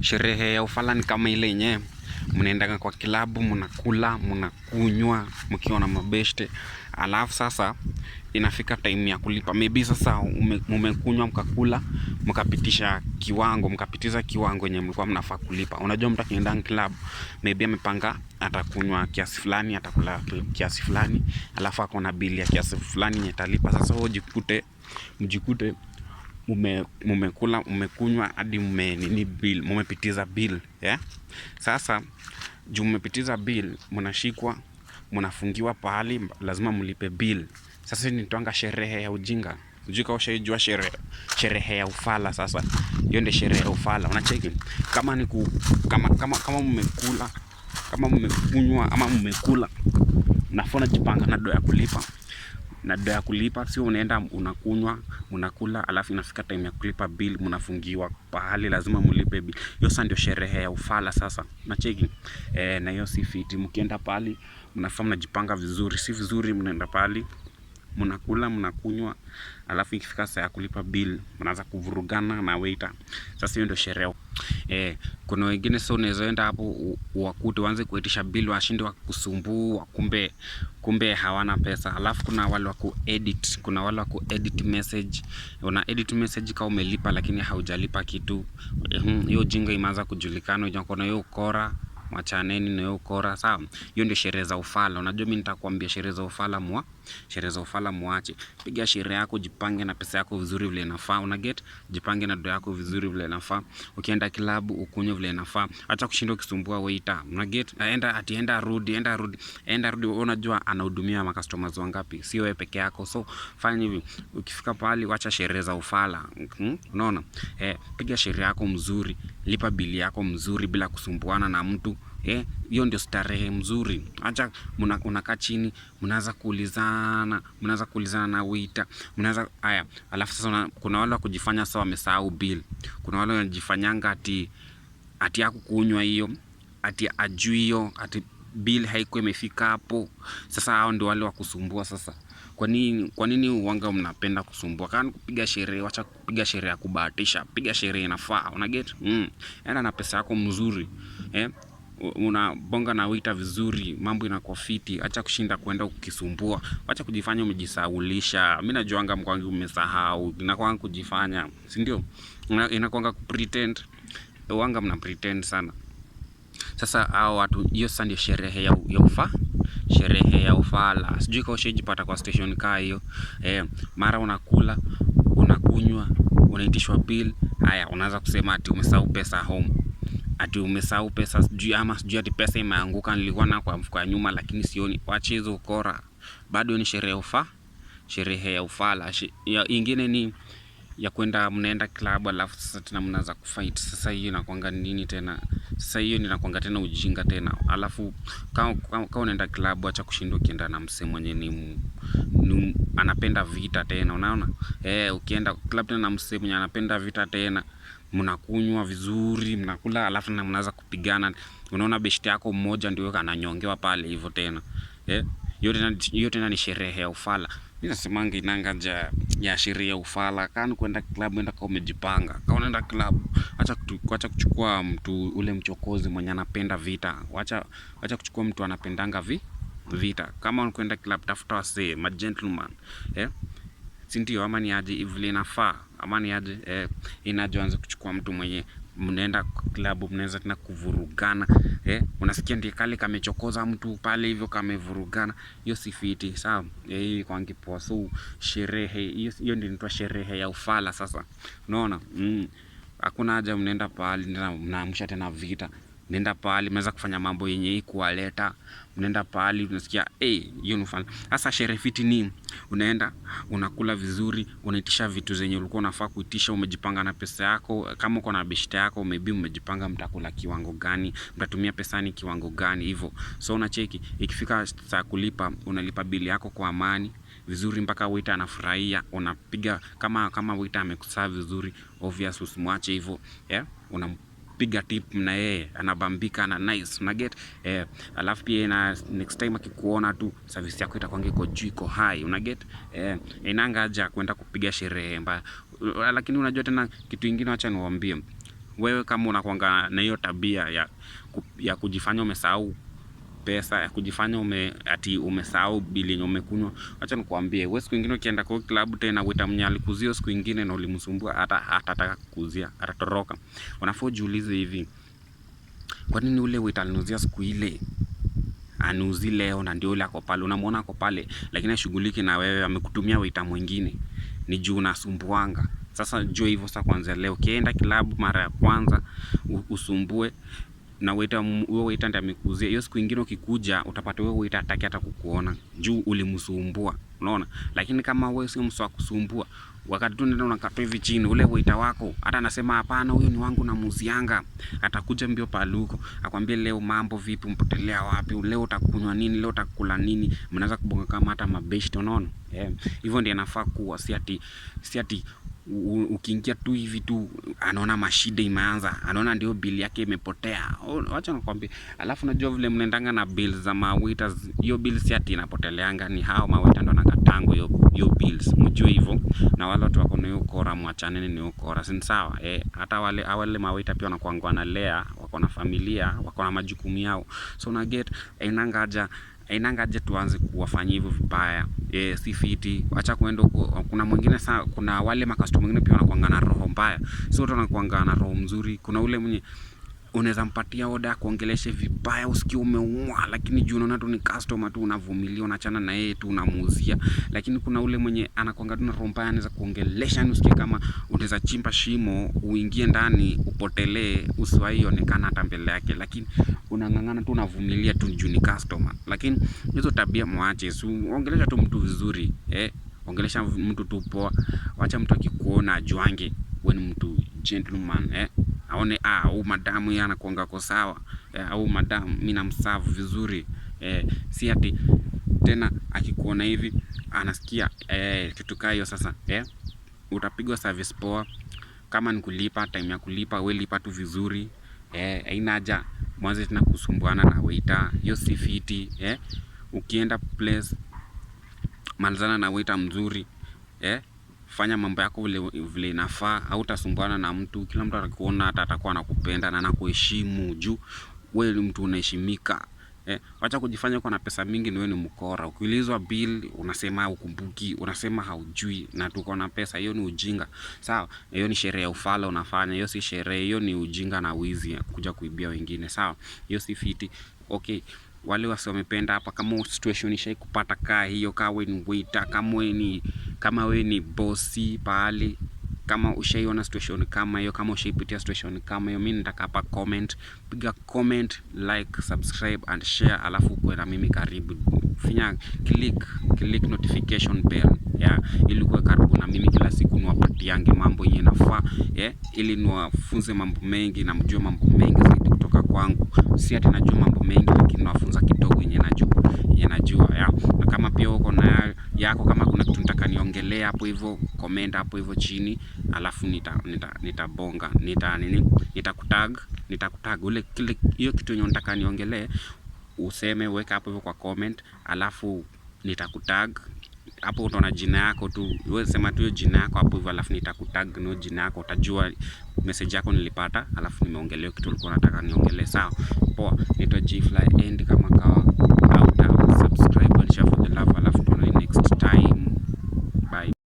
sherehe ya Ufaransa kama ile yenyewe, mnaendaga kwa kilabu, mnakula, mnakunywa mkiwa na mabeshte, alafu sasa inafika time ya kulipa. Maybe sasa mmekunywa mkakula, mkapitisha kiwango, mkapitiza kiwango yenye mlikuwa mnafaa kulipa. Unajua mtu akienda club maybe amepanga atakunywa kiasi fulani, atakula kiasi fulani, alafu akona bili ya kiasi fulani yetalipa. Sasa wewe jikute mjikute mume, mumekula mmekunywa hadi mume nini bill mumepitiza bill yeah? Sasa juu mmepitiza bill, mnashikwa mnafungiwa pahali, lazima mlipe bill. Sasa twanga sherehe ya ujinga sijui kama sherehe, sherehe ya ufala. Sasa hiyo ndio sherehe ya ufala. Unacheki kama ni ku, kama kama kama mmekula kama mmekunywa ama mmekula, nafona jipanga na doa ya kulipa na doa ya kulipa sio unaenda unakunywa mnakula, alafu inafika time ya kulipa bill mnafungiwa pahali, lazima mlipe bill hiyo. Sasa ndio sherehe ya ufala sasa, nacheki e, eh, na hiyo si fiti. Mkienda pahali mnafaa mnajipanga vizuri, si vizuri mnaenda pahali mnakula mnakunywa, alafu ikifika saa ya kulipa bill mnaanza kuvurugana na waiter. Sasa hiyo ndio sherehe eh. Kuna wengine sio, unaweza enda hapo wakute waanze kuitisha bill, washinde wakusumbua, kumbe kumbe hawana pesa. Alafu kuna wale wa kuedit, kuna wale wa kuedit message. Una edit message kama umelipa lakini haujalipa kitu, hmm, hiyo jingo imeanza kujulikana. Kuna hiyo kora Wachaneni na hiyo kora sawa. Hiyo ndio sherehe za ufala. Unajua, mimi nitakwambia sherehe za ufala mwa Sherehe za ufala muache. Piga sherehe yako, jipange na pesa yako vizuri vile inafaa. Una get? Jipange na do yako vizuri vile inafaa. Ukienda club ukunywe vile inafaa. hata kushinda ukisumbua waiter. Una get? aenda atienda rudi, enda rudi, enda rudi. Unajua anahudumia ma customers wangapi? Sio wewe peke yako. So fanya hivi. Ukifika pale wacha sherehe za ufala. Hmm? unaona Hmm? Eh, piga sherehe yako mzuri, lipa bili yako mzuri bila kusumbuana na mtu. Eh, hiyo ndio starehe mzuri. Acha unakaa chini, mnaanza kuulizana, mnaanza kuulizana na uita, mnaanza haya. Alafu sasa kuna wale wa kujifanya sasa wamesahau bill, kuna wale wanajifanyanga ati ati hakukunywa hiyo, ati ajui hiyo, ati bill haiko imefika hapo. Sasa hao ndio wale wa kusumbua sasa. Kwa nini, kwa nini uwanga mnapenda kusumbua? Kama kupiga sherehe, wacha kupiga sherehe ya kubahatisha, piga sherehe inafaa, una get mm, enda na pesa yako mzuri eh? unabonga na wita vizuri, mambo inakuwa fiti. Acha kushinda kwenda ukisumbua, acha kujifanya umejisaulisha. Mimi najuanga mkwangi umesahau, inakwanga kujifanya, si ndio? Inakwanga kupretend, wanga mna pretend sana. Sasa hao watu, hiyo sasa ndio sherehe ya, ya ufa sherehe ya ufala. Sijui kwa ushajipata kwa station kaa hiyo eh, mara unakula unakunywa unaitishwa bill, haya unaanza kusema ati umesahau pesa home ati umesahau pesa sijui ama sijui ati pesa imeanguka nilikuwa na kwa mfuko nyuma, lakini sioni. Wache ukora, bado ni sherehe ufa sherehe ya ufala. Ingine ni ya kwenda mnaenda club alafu sasa tena mnaanza kufight. Sasa hiyo inakwanga nini tena? Sasa hiyo inakwanga tena ujinga tena. Alafu kama unaenda club acha kushindwa ukienda na msee mwenye ni, ni anapenda vita tena, unaona eh, ukienda club tena na msee mwenye anapenda vita tena mnakunywa vizuri, mnakula alafu na mnaanza kupigana. Unaona beshte yako mmoja ndio ananyongewa pale hivyo tena eh? Yote Hiyo tena ni sherehe ya ufala. Mi nasemanga ja ya sherehe ya ufala. Kana kwenda club enda kama umejipanga. Kana unaenda club, acha acha kuchukua mtu ule mchokozi mwenye anapenda vita, acha acha kuchukua mtu anapendanga vi vita. Kama unakwenda club, tafuta wasee ma gentleman eh, Sindio, Ama ni aje, vile inafaa amani aje eh, inajoanza kuchukua mtu mwenye mnaenda klabu mnaweza tena kuvurugana eh, unasikia ndiye kale kamechokoza mtu pale hivyo kamevurugana, hiyo si fiti sawa eh, kwa ngipoa. So sherehe hiyo hiyo ndio inaitwa sherehe ya ufala. Sasa unaona, mm, hakuna haja mnaenda pahali mnaamsha tena vita. Nenda pahali mnaweza kufanya mambo yenye kuwaleta, mnaenda pahali unasikia hey, eh, hiyo nufana. Sasa sherehe fiti ni unaenda unakula vizuri, unaitisha vitu zenye ulikuwa unafaa kuitisha, umejipanga na pesa yako. Kama uko na beshte yako, maybe umejipanga mtakula kiwango gani, mtatumia pesa ni kiwango gani hivyo. So unacheki, ikifika saa kulipa, unalipa bili yako kwa amani vizuri mpaka wita anafurahia. Unapiga kama kama waiter amekusaa vizuri, obvious usimwache hivyo, yeah? una anapiga tip na yeye anabambika na nice, una get eh. Alafu pia na next time akikuona tu service yako itakuwa iko juu, iko high, una get eh, inanga haja kwenda kupiga sherehe mbaya. Uh, lakini unajua tena kitu kingine, acha niwaambie, wewe kama unakwanga na hiyo tabia ya, ya kujifanya umesahau pesa ya kujifanya ume, ati umesahau bili yenye umekunywa. Acha nikuambie, wewe siku nyingine ukienda kwa club tena uita mnyali alikuzia siku nyingine na ulimsumbua, hata hatataka kukuzia, atatoroka. Unafaa ujiulize hivi, kwa nini ule uita alinuzia siku ile anuzi leo na ndio ule ako pale, unamwona ako pale, lakini ashughuliki na wewe, amekutumia uita mwingine, ni juu unasumbuanga. Sasa jua hivyo. Sasa kwanza leo kienda kilabu mara ya kwanza usumbue na waita wewe waita ndiye amekuzia hiyo. Siku nyingine ukikuja utapata wewe waita hataki hata kukuona juu ulimsumbua, unaona. Lakini kama wewe sio mswa kusumbua, wakati tu ndio unakata hivi chini, ule waita wako hata anasema hapana, huyo ni wangu na muzianga, atakuja mbio paluko akwambie, leo mambo vipi, mpotelea wapi leo, utakunywa nini leo, utakula nini? Mnaweza kubonga kama hata mabeshte, unaona. Eh, hivyo yeah. Ndio inafaa kuwa si ati si ati ukiingia tu hivi tu anaona mashida imeanza, anaona ndio bill yake imepotea. Oh, wacha nakwambia. Alafu najua vile mnaendanga na bills za mawaiters hiyo bills si ati inapoteleanga, ni hao mawaiters ndo nakatango hiyo bills, mjue hivyo. Na wale watu wako na hiyo kora, mwachane ni hiyo kora, si sawa eh? Hata wale wale mawaiters pia wanakuangua na lea wako na familia, wako na majukumu yao, so na get enangaja eh, Hainangaje tuanze kuwafanyia hivyo vibaya e, si fiti, acha kuenda huko. Kuna mwingine saa, kuna wale makastoma wengine pia wanakuanga na roho mbaya, sio tu wanakuanga na roho mzuri. Kuna ule mwenye unaweza mpatia oda ya kuongeleshe vibaya, usikie umeumwa, lakini juu unaona tu ni customer tu, unavumilia, unachana na yeye tu, unamuuzia. Lakini kuna ule mwenye anakuanga tu na roho mbaya, anaweza kuongelesha, yaani usikie kama unaweza chimba shimo, uingie ndani, upotelee, usiwahi onekana hata mbele yake, lakini unang'ang'ana tu, unavumilia tu juu ni customer. Lakini hizo tabia mwache, si ongelesha tu mtu vizuri eh, ongelesha mtu tu poa, wacha mtu akikuona ajuange wewe ni mtu gentleman eh aone ah, huyu madamu yeye kwa sawa au eh, madamu mimi namsavu vizuri eh, si ati tena akikuona hivi anasikia eh, kitukaa hiyo sasa eh, utapigwa service poa. Kama ni kulipa time ya kulipa wewe lipa tu vizuri eh, haina haja mwanze tena kusumbuana na waiter, hiyo si fiti eh. Ukienda place malizana na waiter mzuri eh fanya mambo yako vile vile inafaa, hautasumbuana na mtu. Kila mtu atakuona, hata atakuwa anakupenda na anakuheshimu juu wewe ni mtu unaheshimika. Eh, acha kujifanya uko na pesa mingi wewe ni mkora. Ukiulizwa bill unasema ukumbuki, unasema haujui na tuko na pesa. Hiyo ni ujinga. Sawa? Hiyo ni sherehe ya ufala unafanya. Hiyo si sherehe, hiyo ni ujinga na wizi kuja kuibia wengine. Sawa? Hiyo si fiti. Okay wale wasi wamependa hapa. Kama situation ishai kupata kaa hiyo, kaa wewe ni waiter, kama weni ni kama wewe ni bosi pahali kama ushaiona situation kama hiyo, kama ushaipitia situation kama hiyo, mimi nitaka hapa comment, piga comment, like, subscribe and share, alafu uko na mimi karibu. Finya click click notification bell yeah, ili uwe karibu na mimi kila siku, niwapatiange mambo yenye nafaa yeah, ili niwafunze mambo mengi na mjue mambo mengi zaidi kutoka kwangu. Si ati najua mambo mengi, lakini nawafunza kidogo yenye najua yenye najua yeah. na kama yako, kama kuna kitu nataka niongelea hapo hivyo, comment hapo hivyo chini, alafu nita nita, nita nita nini nitakutag nitakutag ule kile hiyo kitu yenye nataka niongelee, useme weka hapo hivyo kwa comment, alafu nitakutag hapo utaona jina yako tu, wewe sema tu jina yako hapo hivyo, alafu nitakutag no jina yako, utajua message yako nilipata, alafu nimeongelea kitu ulikuwa unataka niongelee. Sawa, poa. Nitwa Gfly end kama kawa, au subscribe and share for the love next time